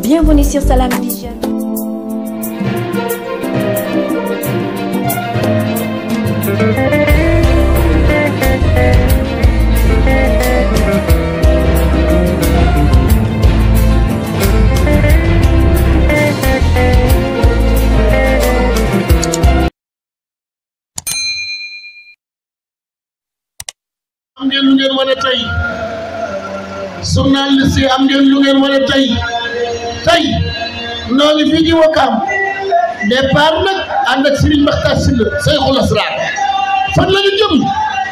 Bienvenue sur Salam Vision. am ngeen lu ngeen mën a tey journaliste yi am ngeen lu ngeen mën a tey tay noo ngi fii di Wakaam départ nag ànd ak Serigne Makhtar Sylla Seykhul Asrar fan la ñu jëm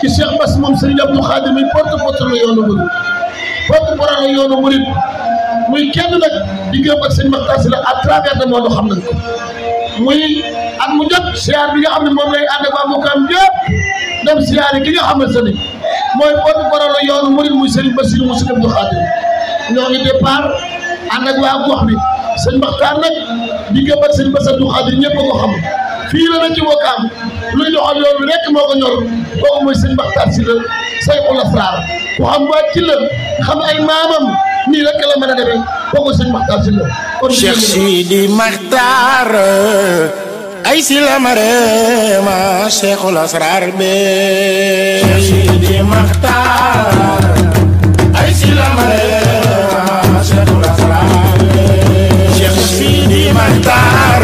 ci Cheikh Bass moom Serigne Abdou Khadim mi poot porte la yoonu murid porte porte murid muy kenn nag di gëm ak Serigne Makhtar Sylla à travers xam nañ ko muy at mu jot siyaar bi nga xam ne moom lay ànd ak waa Wakaam yëpp dem siyaar yi ki nga xamante ne mooy porte porte la yoonu murid muy Serigne Bass Serigne Abdou Khadim ñoo ngi départ. ànd ak waa gox bi sëñ Maxtaar nag di gëm ak sëñ Basa du Xaadir ñëpp a ko xam fii la na ci Wakaam luy doxal yoon bi rekk moo ko ñor kooku mooy sëñ Maxtaar si la Sayxul Asraar ku xam waat ci la xam ay maamam nii rekk la mën a demee kooku sëñ Maxtaar si la kon Cheikh Sidi Maxtaar ay si la ma reema Sayxul Asraar be Cheikh Sidi Maxtaar ay si la ma reema Sayxul Asraar المحتار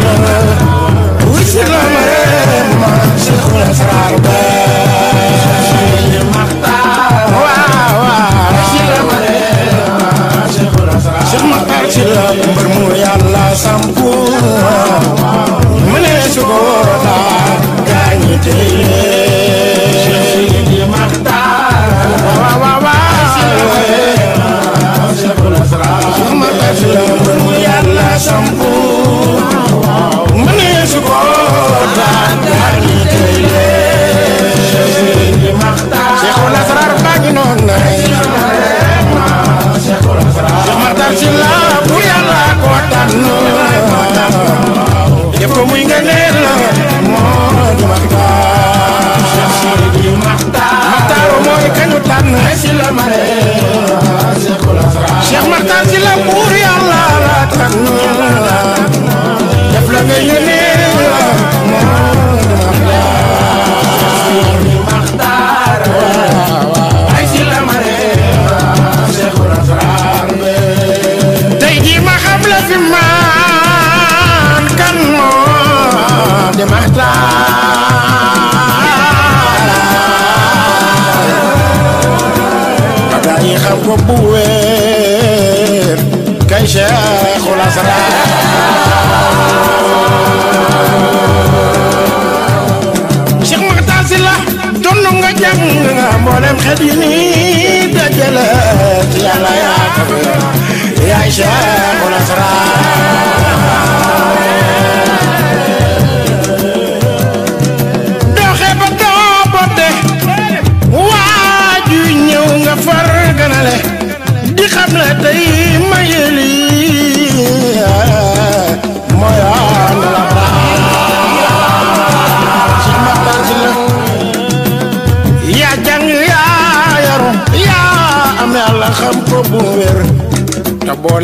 وش العمر ما شيخ الاسرار شيخ محتار شيخ محتار شيخ محتار شيخ محتار شيخ محتار Bye.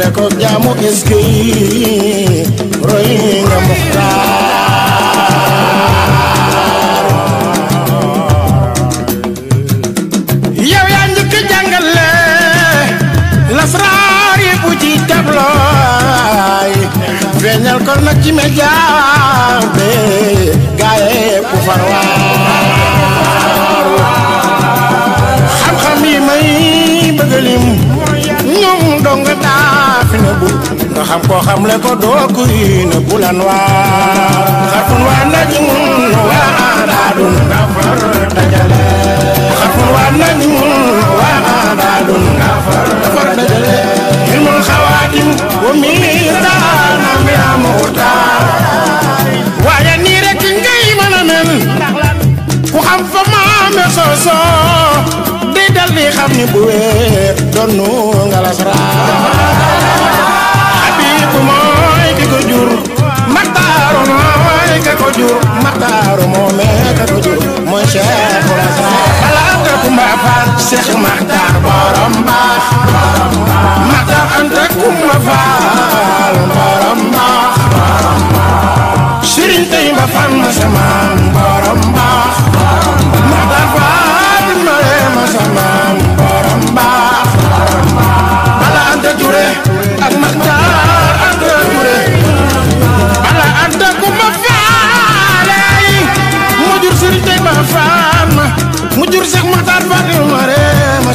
boole ko jaamu eske yi roy nga muxtaar yow yaa njëkk jàngale lasraar yi bu ci tabloy feeñal ko nag ci média be gaaye ku farwaar xam-xam yi nëbbu xam ko xam le ko doo kuy nëbbu lan waa xarfun waa najmun waa aadaadun nga far dajale xarfun waa najmun waa aadaadun nga far dajale ilmul xawaatim wa miisaan bi amutaar waaye nii rek ngay mën a ku xam fa maame soosoo day dal xam ni bu wéer doonu Seex Maxtaar borom baax Maxtaar Anta Kumba Faal borom baax Sëriñ Tey Mba Faal ma sa maam borom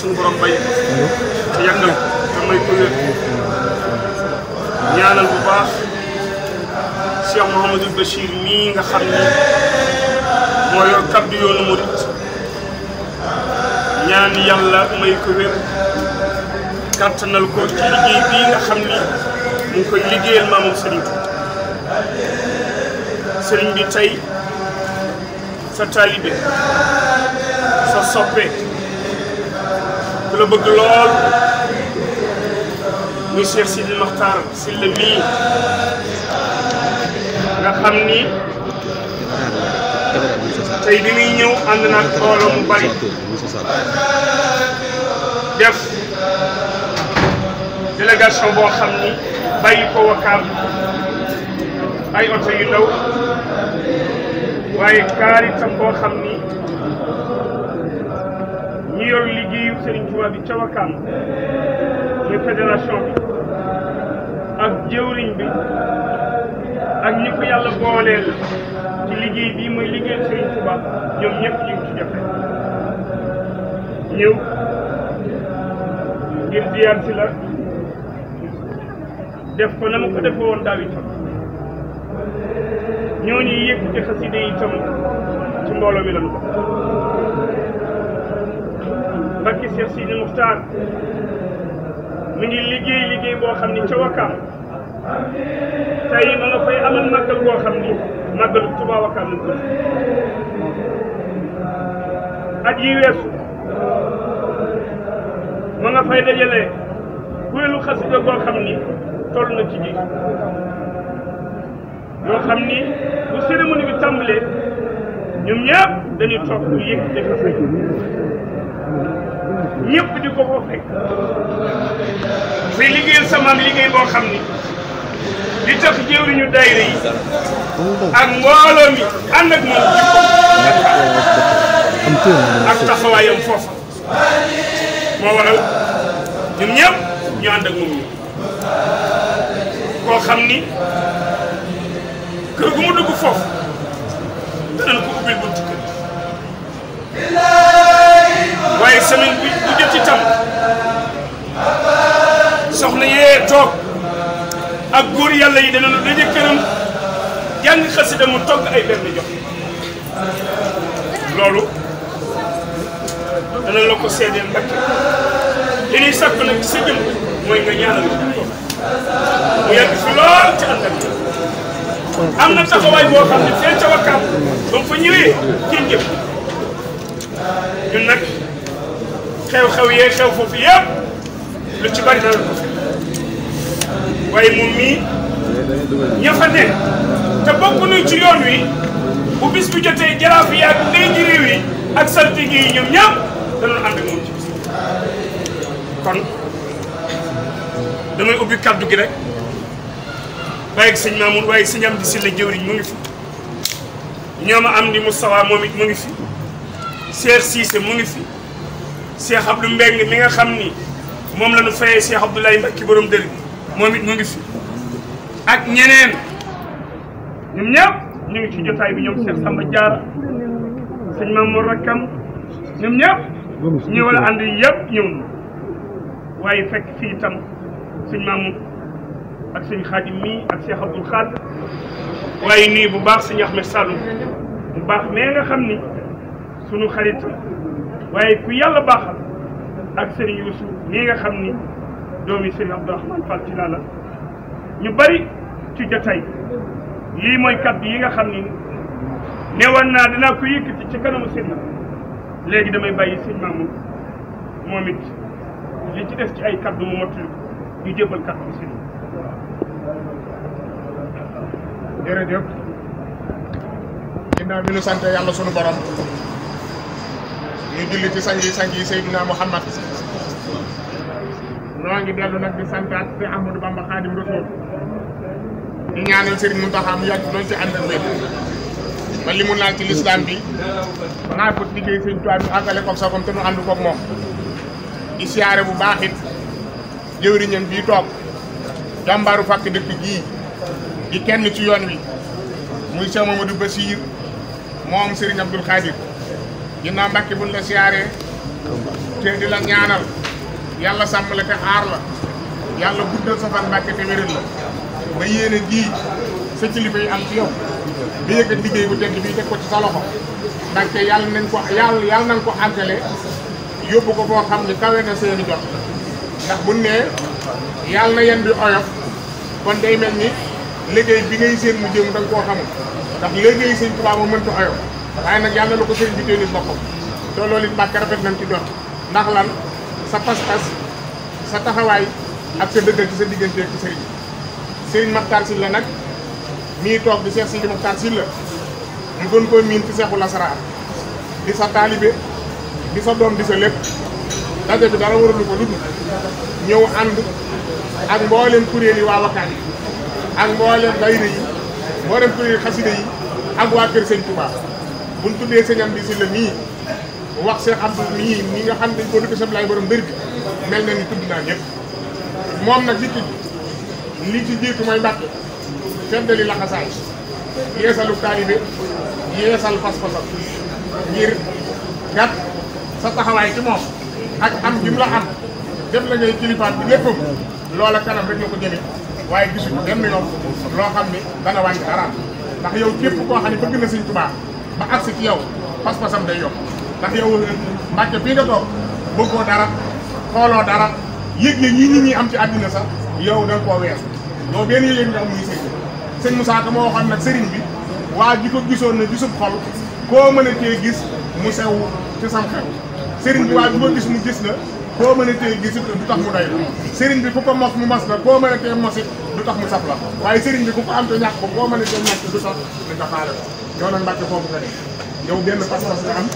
suñu borom bay te yàggal te may ko wér ñaanal bu baax Cheikh Mouhamadul Bachir mii nga xam ni moo yor yoonu murit ñaan yàlla may ko wér kàttanal ko ci liggéey bii nga xam ni mu koy liggéeyal maamam sëriñ sëriñ bi tey sa taalibe sa soppe la bëgg lool muy Cheikh Sidi Mokhtar Sylla mii nga ni tey bi muy ñëw naa mbooloo mu bari def délégation boo ni bàyyi ko ay oto yu ndaw waaye kaar itam boo xam ni yor liggéeyu Serigne Touba bi ca Wakam muy bi ak jëwriñ bi ak ñi ko yàlla booleel ci liggéey bii muy liggéeyu Serigne Touba ñoom ñëpp ñu ci jafe ñëw ngir diyaar si la def ko na ma ko defee woon daaw itam ñooñu yëkkati xasida yi itam ci mbooloo mi lan ko Mbacke Cheikh Sidi Moukhtar mi ngi liggéey liggéey boo xam ni ca Wakaam tey ma nga fay amal màggal boo xam ni màggalu Tuubaa Wakaam la at yi weesu ma nga fay dajale kuréelu xasida boo xam ni toll na ci ji yoo xam ni bu cérémonie bi tàmbalee ñoom ñëpp dañuy toog yëg dafa ñëpp di ko ko fekk fi liggéeyal sa liggéey boo xam ni li tax jëwriñu daayira yi ak mbooloo mi ànd ak moom ak taxawaayam foofa moo waral ñun ñu ànd ak moom ñu koo xam ni kër gu mu dugg foofu danañ ko ubbil buntu kër waaye semaine bi bu jot ci tam soxna yee toog ak góor yàlla yi danañu daje këram jàng xasida mu togg ay benn jox loolu dana la ko seedeel Mbàkke li ñuy sàkk nag sa jëm mooy nga ñaanal ko yàgg fi lool ci ànd ak am na taxawaay boo xam ne fee ca wakkaam ba mu fa ñëwee ci njëkk ñun nag xew-xew yee xew foofu yëpp lu ci bari dana ko waaye moom mii ña fa ne te bokk nañ ci yoon wi bu bis bi jotee jaraaf yi ak ndey yi ak saltige yi ñoom ñëpp danañ ànd ak moom ci gi rek waaye ak sëñ Mamoun waaye sëñ Amdi mu ngi moom it mu ngi fi Cheikh Cissé mu ngi fi. Cheikh Abdou Mbeng mi nga xam ni moom la ñu fayee Cheikh Abdoulaye Mbacke borom dër bi moom it mu ngi fi ak ñeneen ñoom ñëpp ñu ngi ci jotaay bi ñoom Cheikh Samba Diarra sëñ Mamour Rakam ñoom ñëpp ñu wala ànd yëpp ñëw waaye fekk fii itam sëñ Mamour ak sëñ Xaadim mii ak Cheikh Abdoul Khadr waaye nuyu bu baax sëñ Ahmed Sallou bu baax mais nga xam ni sunu xarit waaye ku yàlla baaxal ak sëriñ Youssou mii nga xam ni doomi sëriñ Abdourahmane Fall ci laa la ñu bari ci jotaay lii mooy kàddu yi nga xam ni newoon naa dinaa ko yëkkati ci kanamu sëriñ léegi damay bàyyi sëriñ Mamour moom it li ci des ci ay kàddu mu motul ñu jébbal kàddu bi sëriñ jërëjëf ginnaaw bi ñu sant yàlla sunu borom ñu julli ci sangi sangi Seydina Muhammad noo ngi dellu nag di santaat si Ahmadou Bamba Xaadim Rasuul di ñaanal doon ci ànd ak wér ba ci lislaam bi naa ko liggéey sëñ Tuubaa bi àggale koog sagoom te nu ànd koog moom di siyaare bu baax it jëwriñam toog jàmbaaru fàkk dëkk gii di ci yoon wi muy Cheikh Mamadou Bassir moom Serigne Abdoul ginnaaw Mbàkke buñ la siyaaree te di la ñaanal yàlla sàmm la te aar la yàlla guddal sa fan Mbàkke te wéral la ba yéene jii sa kilifa yi am ci yow di yëkkat liggéey bu tedd bii teg ko ci sa loxo Mbàkke yàlla ko ko xam ni kawe na seeni jot ndax bu nee yàlla na yen bi kon day mel ni liggéey bi ngay seen mu jëm da nga koo xamul ndax mënta oyof waaye na yàlla na ko sëriñ bi dénnu boppam te loolu it Mbàkke rafet ndax lan sa pas taxawaay ak sa dëggal ci sa diggante ci sëriñ sëriñ nag mii toog di Seex Sidi Maxtaar Sylla mu gën koo miin ci seexu lasaraar di sa taalibe di sa di sa lépp daje bi ko lu ñëw ànd ak mboolem kuréel yi waa Wakkaan yi ak mboolem dayre yi mboolem kuréel ak waa kër Sëñ Tuubaa buñ tuddee sëñ am di si la mii wax Cheikh Abdou mii ñi nga xam ne dañ koo dëkk sëñ Laay borom mbir mel na ni tudd naa ñëpp moom nag li ci li ci jiitu mooy Mbàkke feddali laxasaay yeesalu taalibe yeesal pas-pasam ngir gat sa taxawaay ci moom ak am jum la am def la ngay kilifaat bi léppam loola kanam rek la ko jëlee waaye gisuñu benn yoon loo xam ne dana wàññi dara ndax yow képp koo xam ne bëgg na Sëñ Tuubaa ba agsi ci yow pas-pasam day yokk ndax yow mbàcc bii nga toog bëggoo dara xooloo dara yëg yëg ñi nit ñi am ci àddina sax yow da nga koo wees yow benn yëg nga am muy sëñ sëñ Moussa Ka moo waxoon nag sëriñ bi waa ji ko gisoon na gisub xol koo mën a tee gis mu sew ci sam sëriñ bi waa ji ko gis mu gis la koo mën a tee gis it du tax mu doy la sëriñ bi ku ko mos mu mos la koo mën tee mos du tax mu saf la waaye sëriñ bi ku ko am te ñàkk ko koo mën a yow nag Mbàkke foofu nga ne yow benn pas-pas nga am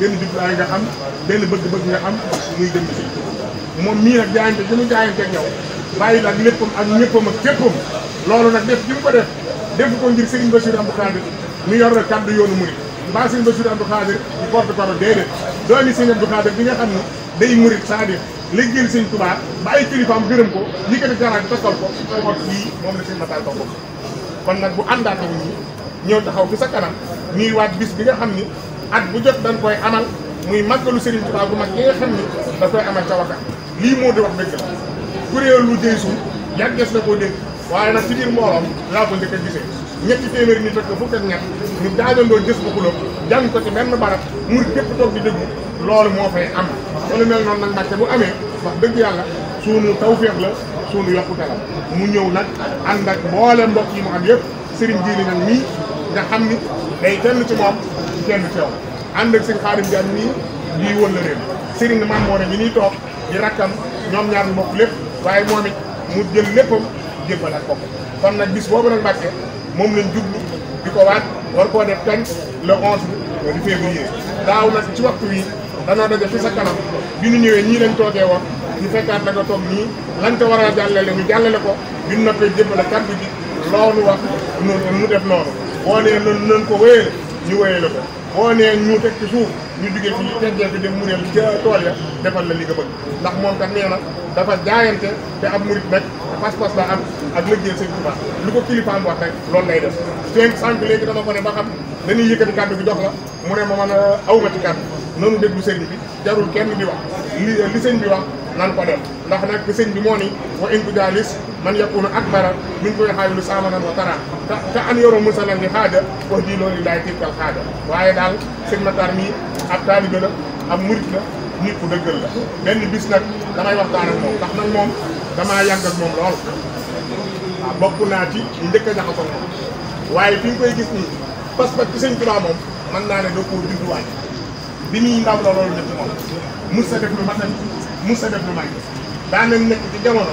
benn jublaay nga am benn bëgg-bëgg nga am muy dem ci moom mii nag jaayante gi mu jaayante ak yow bàyyi la ak léppam ak ñëppam ak képpam loolu nag def gi ko def def ko ngir Serigne Bassirou Abdou Khadir mi yor la kaddu yoonu murit mbaa Serigne Bassirou Abdou Khadir di porte parole déedéet doomi Serigne Abdou Khadir bi nga xam ne day murit c'est-à-dire liggéeyal Serigne Touba bàyyi kilifaam gërëm ko yëkkati garage bi takkal ko xool fii moom la Serigne Matar Ba kon nag bu àndaat ñëw taxaw fi sa kanam ñuy waaj bis bi nga xam ni at bu jot dañ koy amal muy màggalu Serigne Touba bu mag gi nga xam ni da koy amal ca Wakam lii moo di wax dëgg la kuréel lu jëy suñ yàggees na koo dégg waaye nag ci biir mbooloom laa ko njëkk a gisee ñetti téeméeri nit ak fukk ak ñett ñu daajandoo gës ba xulóom jàng ko ci benn barab mur képp toog di déglu loolu moo fay am loolu mel noonu nag mbàkke bu amee wax dëgg yàlla suunu tawféex la suunu yokkute la mu ñëw nag ànd ak mboolem mbokk yi mu am yëpp Serigne Djily nag mii nga xam ni day kenn ci moom kenn ci yow ànd ak sëñ Xaadim Jaan nii lii wël la leen Serigne Mame Mor mi ñuy toog di rakkam ñoom ñaar ñu bokk lépp waaye moom it mu jël léppam jébbal ak ko kon nag bis boobu nag Mbàkke moom lañ jublu di ko waat war koo def kañ le 11 du février daaw nag ci waxtu wi danoo daje fi sa kanam bi ñu ñëwee ñii lañ toogee woon ñu fekkaat da nga toog nii lañ ko war a jàllale ñu jàllale ko bi ñu noppee jébbal ak kàddu gi loolu wax nu mu def noonu moo nee noonu nan ko wéyal ñu wéyale ko moo nee ñu teg ci suuf ñu diggee fii teggee fi dem mureel ca tool ya defal la li nga bëgg ndax moom kat na dafa jaayante te ab murit nag pas-pas la am ak liggéey sëñ Tuubaa lu ko kilifaam wax rek loolu lay def seen sànq léegi dama ko ne ba xam dañuy yëkkati kàddu bi jox la mu ne ma man euh, awma ci kàddu nanu déglu sëriñ bi jarul kenn di wax li li sëñ bi wax nan ko def ndax nag sëñ bi moo ni wa intu daalis man yakunu akbara min koy xaawilu saamanan wa tara te te an yoro musalan li xaaja wax di loolu laay tiital xaaja waaye daal sëñ Matar mii ab taalibe la ab murit la nit ku dëggal la benn bis nag damay waxtaan ak moom ndax nag moom damaa bokk naa ci ñu njëkk a moom waaye fi ñu koy gis nii pas-pas ci sëñ Tuubaa moom mën naa ne doo koo judduwaay bi muy ndaw la loolu def moom mës a def lu ma mës a daanañ nekk ci jamono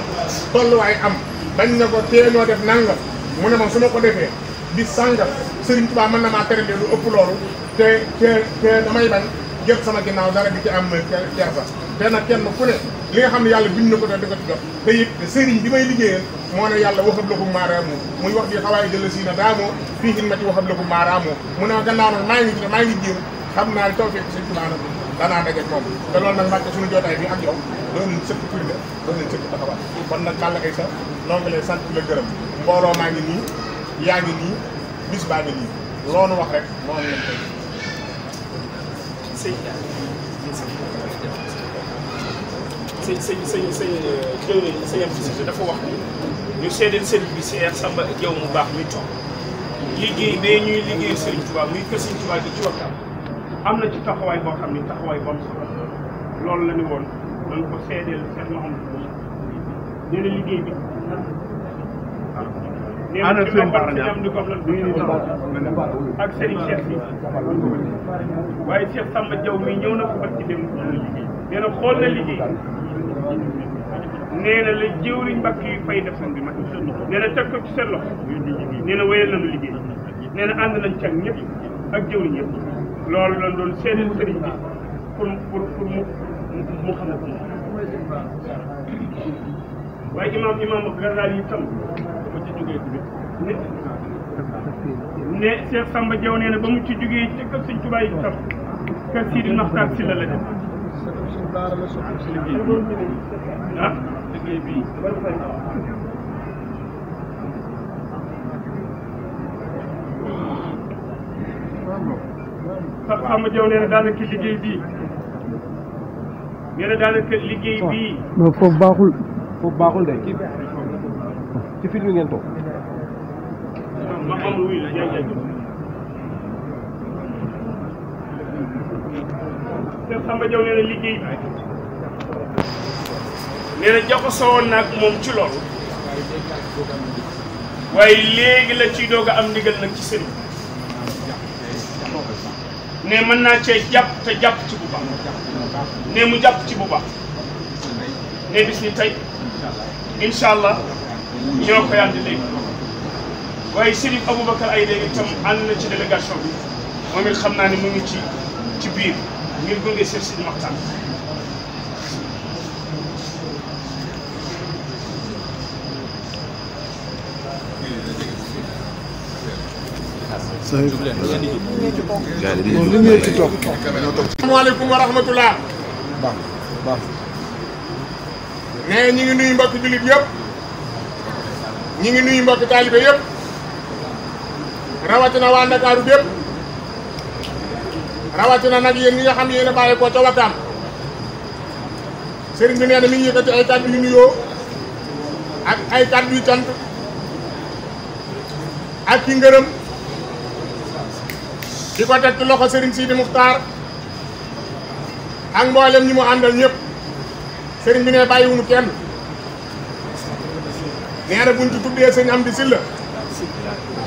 tolluwaay am dañ ne ko teenoo def nangam mu ne ma su ma ko defee di sàngam Serigne Touba man na maa terendee lu ëpp loolu te te te damay bañ jot sama ginnaaw dara di ci am kersa te nag kenn ku ne li nga xam ne yàlla bind na ko te di ko ci jot te bi may liggéeyal moo ne yàlla waxab la ko maaraamoo muy wax ji xawaay jëla si na daamoo fii xin ma ci waxab la ko maaraamoo mu ne ma gannaaw nag maa ngi ci maa xam naa ne danaa dajeeg moom te loolu nag Mbacke suñu jootaay bi ak yow doo leen sëkk kuy la doo leen sëkk taxawaay kon nag Balla Gaye sax noo ngi lay sant la gërëm mbooloo maa ngi nii yaa ngi nii bis baa ngi nii loolu wax rek noonu lañ koy sëñ sëñ sëñ sëñ sëñ jëwriñ sëñ am si dafa wax ni ñu seedeel sëriñ bi Cheikh Samba Diaw mu baax mi toog liggéey bee ñuy liggéey sëriñ Tuubaa muy kër sëriñ Tuubaa gi ci waxtaan am na ci taxawaay boo xam ni taxawaay bu am solo loolu la ñu woon nañ ko seedeel Cheikh Mouhamadou Bousso nee na liggéey bi. Ah. ana sëñ Bara Niang di ko ak Serigne Cheikh bi waaye Cheikh Samba Diaw mi ñëw na ko ba ci dem nee na xool na liggéey nee na la jëwriñ mbàkk yu fay def seen bi ma nee na teg ko ci seen loxo nee na wéyal nañu liggéey nee na ànd nañ ci ak ñëpp ak jëwriñ yëpp loolu la doon séeneen sëriñ bi pour pour pour mu mu xam ko waaye imaam imaam Gazaali yi tam ba ci jógee tamit ne ne Samba Diaw ba mu ci jógee ci kër Sëriñ Tuubaa yi tam kër Sidi Maxtaar si la la def ah liggéey bi sax Samba Diaw nee na daanaka liggéey bii nee na daanaka liggéey bii. non foofu baaxul. foofu baaxul de ci ci film ngeen moom ci loolu. waaye léegi la ciy doog a am ndigal nag ci sëriñ. ne mën naa cee jàpp te jàpp ci bu baax mu jàpp ci bu baax ne bis ni tey incha allah ñoo koy ànd léegi waaye Sëriñ Aboubacar ay léegi itam ànd na ci délégation bi moom it xam naa ne mu ngi ci ci biir ngir gunge Sëriñ Maxtaan li ngeen ci toog. asalaamaaleykum wa rahmatulah. baax baax. nee ngi nuyu mbokki jullit yëpp. ñu ngi nuyu mbokki taalibe yëpp. rawatina waa Ndakaaru bépp. rawatina nag yéen ñi nga xam yéen a ca Wakaam. sëriñ bi nee mi ngi yëkkati ay kàddu yu nuyoo ak ay kàddu yu cant ak ki ngërëm. di ko teg ci loxo Serigne Sidi Muxtaar ak mboolem ñi mu àndal ñëpp Serigne bi ne bàyyiwunu kenn nee na buñ ci tuddee Serigne Amdi Silla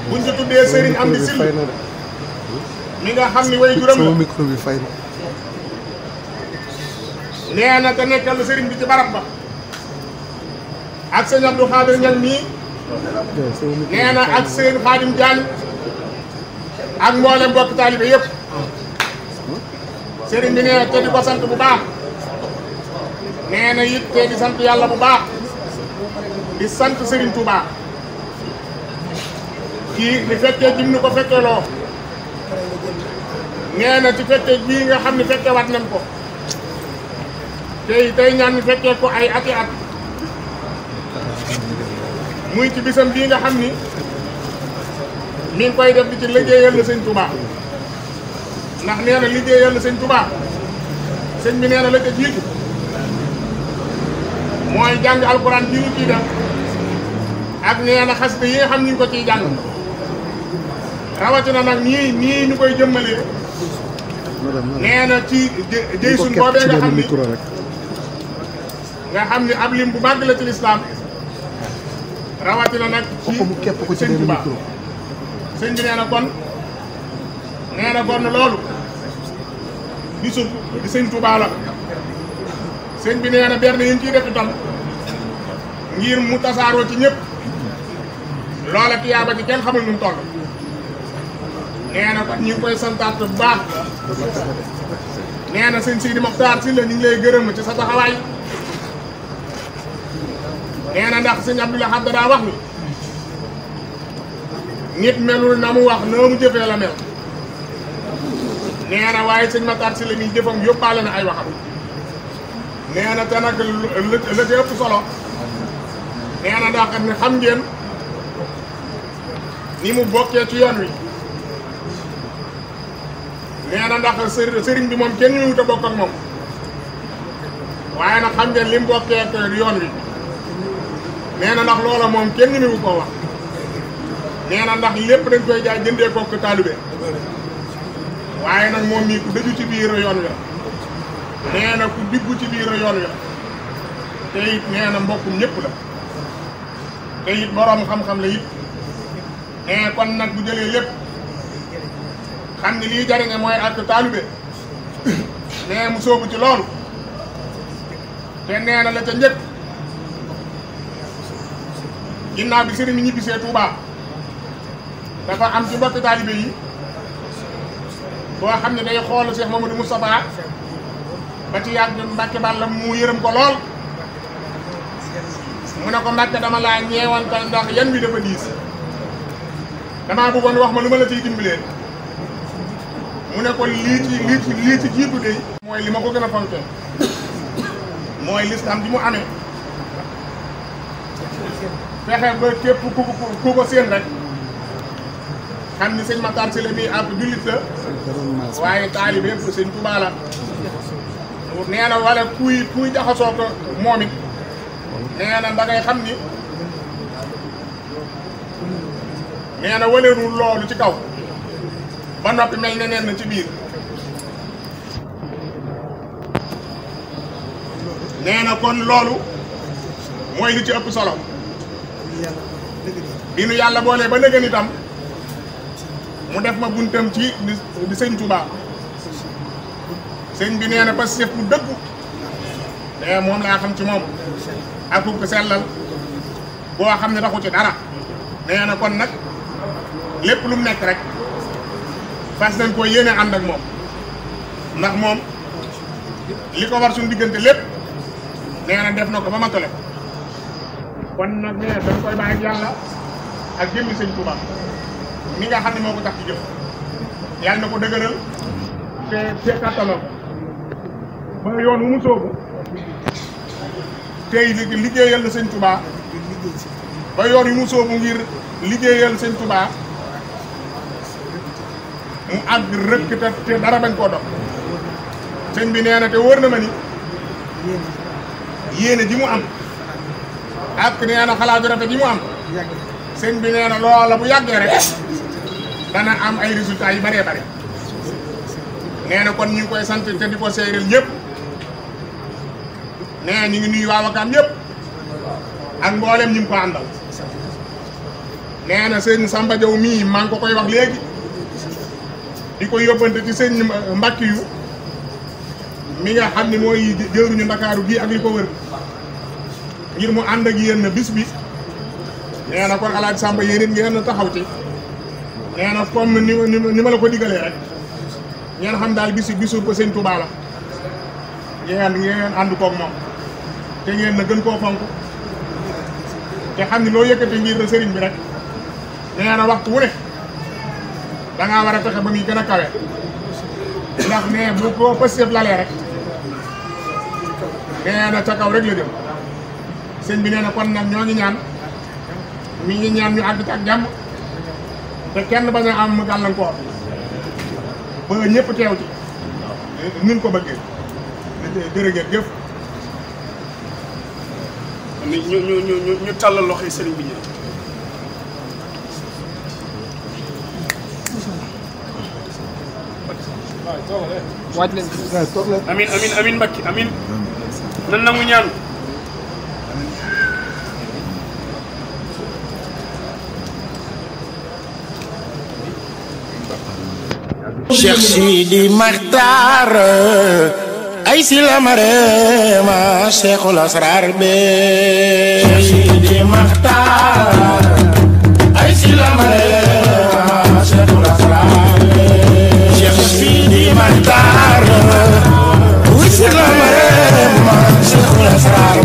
buñ ci tuddee Serigne Amdi Silla mi nga xam ni way juram la micro te nekkal Serigne bi ci barab ba ak sëñ Abdou Xaadir Ñaŋ mii nee ak sëñ Xaadim Jaan ak mboolem mbokk taalibe yëpp sëriñ bi nee te di ko sant bu baax nee na it di sant yàlla bu baax di sant sëriñ Touba kii di fekkee jim nu ko fekkeeloo nee na ci fekkee bii nga xam ne fekkee wat nañ ko tey tey ñaan ñu fekkee ko ay ati at muy ci bisam bii nga xam ni mi ngi koy def di ci liggéeyal la sëñ Touba ndax nee na liggéeyal la sëñ Touba sëñ bi nee na la ca jiitu mooy jàng alxuraan bi ñu ciy def ak nee na xasida yi nga xam ñu ngi ko ciy jàng rawatina nag nii nii ñu koy jëmmalee nee na ci jëy suñ boobee nga xam ni ab lim bu màgg la ci lislaam rawatina nag ci sëñ Touba sëñ bi nee na kon nee na kon loolu di sëñ Touba sëñ bi nee na benn yi ñu ciy def itam ngir mu tasaaroo ci ñëpp loola tiyaaba ci kenn xamul nu mu toll na ñu koy santaat bu baax nee na sëñ Sidi Mokhtar si la ñu ngi lay gërëm ci sa taxawaay nee na ndax sëñ Abdoulaye Hadj daa wax nit melul na mu wax na mu jëfee la mel nee waaye sëñ Matar si la muy jëfam yóbbaale na ay waxam nee na te nag la ci ëpp solo nee ndax ne xam ngeen ni mu bokkee ci yoon wi nee na ndax sëriñ bi moom kenn ñu ta bokk ak moom waaye nag xam ngeen li mu bokkee ak yoon wi nee ndax loola moom kenn ñu ko wax nee na ndax lépp dañ koy jaay jëndee kook taalube waaye nag moom mii ku dëju ci biir yoon wi nee na ku diggu ci biir yoon wi te it nee na mbokkum ñëpp la te it boroom xam-xam la it nee kon nag bu jëlee lépp xam ni lii jariñe mooy ak taalube nee mu soobu ci loolu te nee na la ca njëkk ginnaaw bi sëriñ ñibbisee Tuubaa dafa am ci mbokk taalibe yi boo xam ne day xool Cheikh Mamadou Moustapha ba ci yàgg Mbàkke Bàlla mu yërëm ko lool mu ne ko Mbàkke dama laa ñeewantal ndax yan dafa diis damaa bëggoon wax ma lu ma la ciy dimbalee mu ne ko lii ci lii ci lii ci mooy li ma ko gën a fonke mooy lislaam bi mu amee fexe ba képp ku ko ku ko seen rek am ni sëñ ma Sylla mi ab jullit la waaye taalibeem bu sëñ Tuubaa la nee wala kuy kuy jaxasoo ko moom it xam ni nee na waleerul loolu ci kaw ba noppi mel ne neen ci biir nee na kon loolu mooy li ci ëpp solo bi nu yàlla boolee ba nëgën itam mu def ma buntam ci di sëñ Touba sëñ bi nee na parce que bu dëggu nee moom laa xam ci moom ak ko sellal boo xam ne taxu ci dara nee na kon nag lépp lu mu nekk rek fas nañ koo yéene ànd ak moom ndax moom li ko war suñu diggante lépp nee na def na ko ba matale kon nag nee dañ koy bàyyi ak yàlla ak jëmmi sëñ Touba mi nga xam moo ko tax ci yàlla na ko dëgëral te te kàttanam ba yoon wu mu soobu tey liggéeyal la sëñ ba yoon wu mu soobu ngir liggéeyal sëñ Touba mu àgg rëkk te te dara bañ koo dox sëñ bi nee na te wóor na ma ni yéene ji mu am ak nee na xalaat yu rafet yi mu am sëñ bi nee loola bu yàggee rek dana am ay résultats yu bëree bëri nee kon ñu koy sant te di ko seereel ñëpp nee ñu ngi nuyu waa Wakaam ak mboolem ñu ngi ko àndal nee na sëñ Samba Diaw mii maa ngi ko koy wax léegi di ko yóbbante ci sëñ Mbàkke yu mi nga xam ne mooy jëruñu Ndakaaru bii ak li ko wër ngir mu ànd ak yéen bis bi nee na kon alaaj Samba yéen it ngeen taxaw ci nee na comme ni ni ma la ko digalee rek ngeen xam daal bisu bisu ko sëñ Touba la ngeen ngeen ànd koog moom te ngeen na gën koo fonk te xam ni loo yëkkati ngir na sëriñ bi rek nee na waxtu wu ne dangaa war a fexe ba muy gën a kawe ndax nee bu ko pëstéef lalee rek nee na rek la jëm sëñ bi nee na kon nag ñoo ngi ñaan mi ngi ñaan ñu àgg ak te kenn ba sa am gàllankoor ba ñëpp teew ci nun ko bëggee jërëjëf jëf ñu ñu ñu ñu ñu tàllal loxo yi sëriñ bi ñëw waaj leen amin amin amin Mbacke amin nan nangu ñaan Cheikh Sidi Maxtaar ay si la mareema Cheikhul Asrar be Cheikh Sidi Maxtaar ay si la mareema Cheikhul Asrar be Cheikh Sidi Maxtaar ay si la mareema Cheikhul Asrar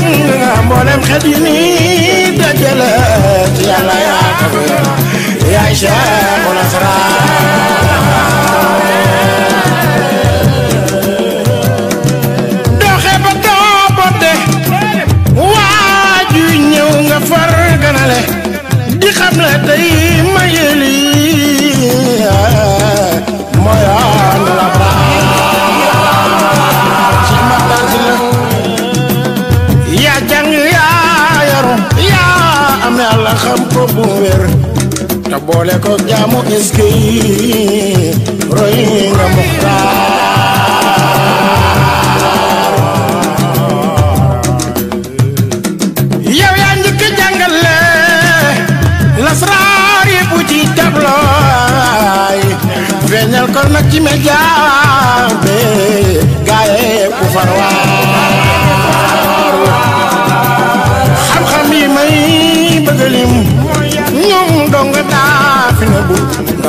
jàng nga mboolem xet yi nii dajale yàlla yaa yaay Seexul Xadiim boole ko jaamu iski roy nga muxtaar yow yaa njëkk jàngale lasraar yi bu ci tablaay feeñal ko nag ci média be gaaye ku farwaay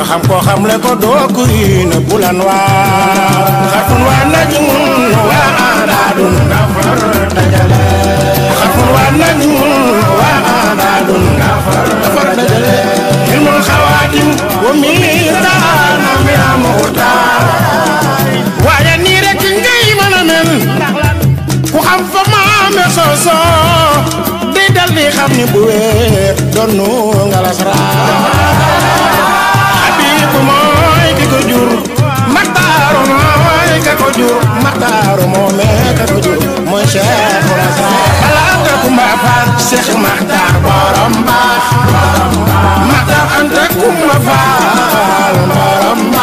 xam ko xam le ko doo ku in bulan waar xarfun waa najmun waa aadaadun nga far dajale xarfun waa najmun waa aadaadun nga far dajale ilmul xawaatim wa misaana mi amutaar waaye nii rek ngay mën a ku xam fa maame soosoo day dal xam ni bu weer doon nu ngalas Seeku mooy ki ko jur Maxtaaru mooy ka ko jur Maxtaaru moomee ka ko jur mooy Seeku Maxtaar balaa nga Kumba Faal Seex Maxtaar borom baax Maxtaar anta Kumba Faal borom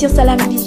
sur Salam Vision.